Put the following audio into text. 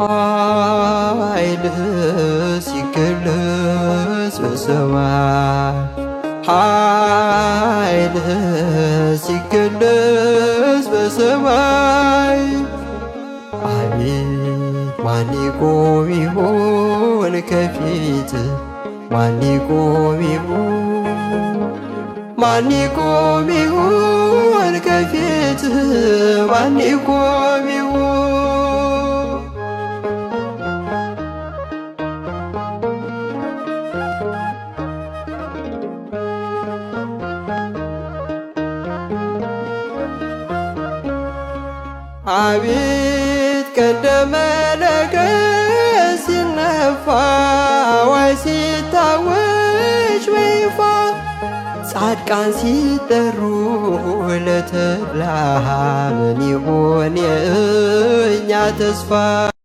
ኃይልስ ይገለጽ በሰማይ ኃይልስ ይገለጽ በሰማይ አቤት ማን ይቆም ይሆን ከፊት ማን ይቆም ማን ይቆም ይሆን ከፊት ማን ይቆም አቤት ቀንደ መለከት ሲነፋ ዋይ ሲታወጅ በይፋ ጻድቃን ሲጠሩ ለተብላሃ ምን ይሆን የእኛ ተስፋ?